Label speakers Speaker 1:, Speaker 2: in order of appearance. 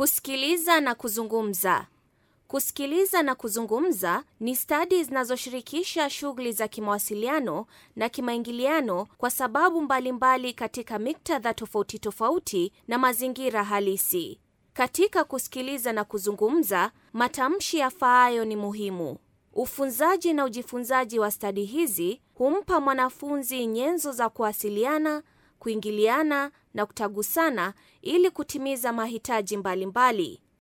Speaker 1: Kusikiliza na kuzungumza. Kusikiliza na kuzungumza ni stadi zinazoshirikisha shughuli za kimawasiliano na kimaingiliano kwa sababu mbalimbali mbali katika miktadha tofauti tofauti na mazingira halisi. Katika kusikiliza na kuzungumza, matamshi yafaayo ni muhimu. Ufunzaji na ujifunzaji wa stadi hizi humpa mwanafunzi nyenzo za kuwasiliana kuingiliana na kutagusana ili kutimiza mahitaji
Speaker 2: mbalimbali.